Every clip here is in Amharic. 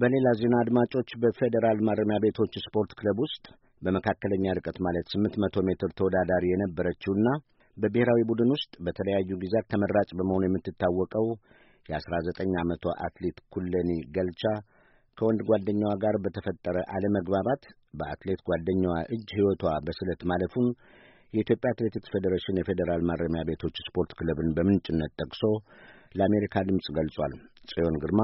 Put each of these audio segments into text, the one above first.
በሌላ ዜና አድማጮች፣ በፌዴራል ማረሚያ ቤቶች ስፖርት ክለብ ውስጥ በመካከለኛ ርቀት ማለት 800 ሜትር ተወዳዳሪ የነበረችውና በብሔራዊ ቡድን ውስጥ በተለያዩ ጊዜያት ተመራጭ በመሆኑ የምትታወቀው የ19 ዓመቷ አትሌት ኩለኒ ገልቻ ከወንድ ጓደኛዋ ጋር በተፈጠረ አለመግባባት በአትሌት ጓደኛዋ እጅ ሕይወቷ በስለት ማለፉን የኢትዮጵያ አትሌቲክስ ፌዴሬሽን የፌዴራል ማረሚያ ቤቶች ስፖርት ክለብን በምንጭነት ጠቅሶ ለአሜሪካ ድምፅ ገልጿል። ጽዮን ግርማ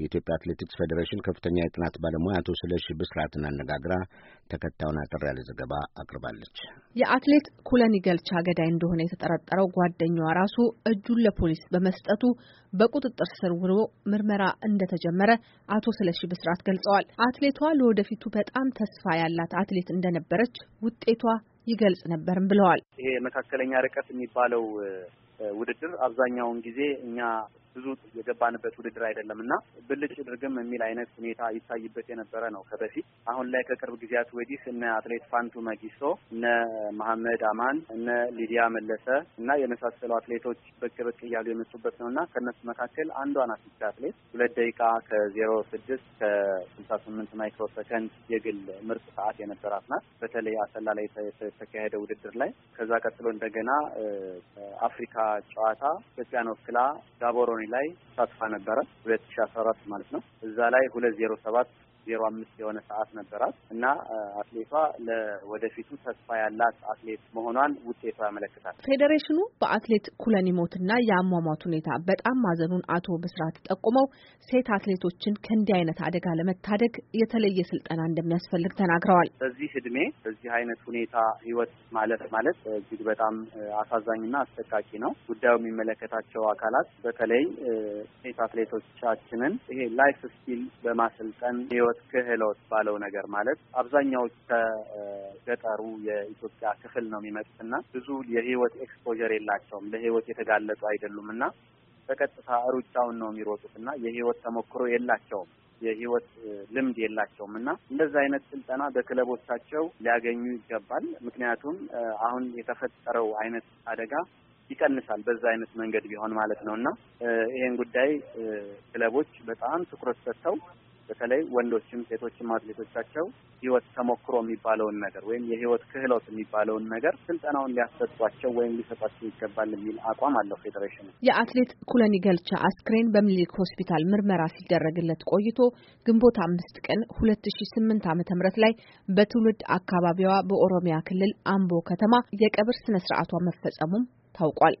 የኢትዮጵያ አትሌቲክስ ፌዴሬሽን ከፍተኛ የጥናት ባለሙያ አቶ ስለሺ ብስራትን አነጋግራ ተከታዩን አጠር ያለ ዘገባ አቅርባለች። የአትሌት ኩለን ገልቻ ገዳይ እንደሆነ የተጠረጠረው ጓደኛዋ ራሱ እጁን ለፖሊስ በመስጠቱ በቁጥጥር ስር ውሎ ምርመራ እንደተጀመረ አቶ ስለሺ ብስራት ገልጸዋል። አትሌቷ ለወደፊቱ በጣም ተስፋ ያላት አትሌት እንደነበረች ውጤቷ ይገልጽ ነበርም ብለዋል። ይሄ መካከለኛ ርቀት የሚባለው ውድድር አብዛኛውን ጊዜ እኛ ብዙ የገባንበት ውድድር አይደለም እና ብልጭ ድርግም የሚል አይነት ሁኔታ ይታይበት የነበረ ነው ከበፊት። አሁን ላይ ከቅርብ ጊዜያት ወዲህ እነ አትሌት ፋንቱ መጊሶ፣ እነ መሐመድ አማን፣ እነ ሊዲያ መለሰ እና የመሳሰሉ አትሌቶች ብቅ ብቅ እያሉ የመጡበት ነው እና ከእነሱ መካከል አንዷ ናት ብቻ አትሌት ሁለት ደቂቃ ከዜሮ ስድስት ከስልሳ ስምንት ማይክሮ ሰከንድ የግል ምርጥ ሰዓት የነበራት ናት። በተለይ አሰላ ላይ የተካሄደ ውድድር ላይ ከዛ ቀጥሎ እንደገና አፍሪካ ጨዋታ ኢትዮጵያን ወክላ ጋቦሮን ላይ ተሳትፋ ነበረ ሁለት ሺ አስራ አራት ማለት ነው። እዛ ላይ ሁለት ዜሮ ሰባት ዜሮ አምስት የሆነ ሰዓት ነበራት እና አትሌቷ ለወደፊቱ ተስፋ ያላት አትሌት መሆኗን ውጤቷ ያመለክታል። ፌዴሬሽኑ በአትሌት ኩለን ሞትና የአሟሟት ሁኔታ በጣም ማዘኑን አቶ ብስራት ጠቁመው ሴት አትሌቶችን ከእንዲህ አይነት አደጋ ለመታደግ የተለየ ስልጠና እንደሚያስፈልግ ተናግረዋል። በዚህ እድሜ በዚህ አይነት ሁኔታ ህይወት ማለፍ ማለት እጅግ በጣም አሳዛኝና አስጠቃቂ ነው። ጉዳዩ የሚመለከታቸው አካላት በተለይ ሴት አትሌቶቻችንን ይሄ ላይፍ ስኪል በማሰልጠን የህይወት ክህሎት ባለው ነገር ማለት አብዛኛው ከገጠሩ የኢትዮጵያ ክፍል ነው የሚመጡት እና ብዙ የህይወት ኤክስፖዠር የላቸውም፣ ለህይወት የተጋለጡ አይደሉም እና በቀጥታ ሩጫውን ነው የሚሮጡት እና የህይወት ተሞክሮ የላቸውም የህይወት ልምድ የላቸውም እና እንደዛ አይነት ስልጠና በክለቦቻቸው ሊያገኙ ይገባል። ምክንያቱም አሁን የተፈጠረው አይነት አደጋ ይቀንሳል በዛ አይነት መንገድ ቢሆን ማለት ነው እና ይህን ጉዳይ ክለቦች በጣም ትኩረት ሰጥተው በተለይ ወንዶችም ሴቶችም አትሌቶቻቸው ህይወት ተሞክሮ የሚባለውን ነገር ወይም የህይወት ክህሎት የሚባለውን ነገር ስልጠናውን ሊያሰጧቸው ወይም ሊሰጧቸው ይገባል የሚል አቋም አለው ፌዴሬሽኑ። የአትሌት ኩለኒ ገልቻ አስክሬን በምኒልክ ሆስፒታል ምርመራ ሲደረግለት ቆይቶ ግንቦት አምስት ቀን ሁለት ሺ ስምንት ዓመተ ምህረት ላይ በትውልድ አካባቢዋ በኦሮሚያ ክልል አምቦ ከተማ የቀብር ስነ ስርዓቷ መፈጸሙም ታውቋል።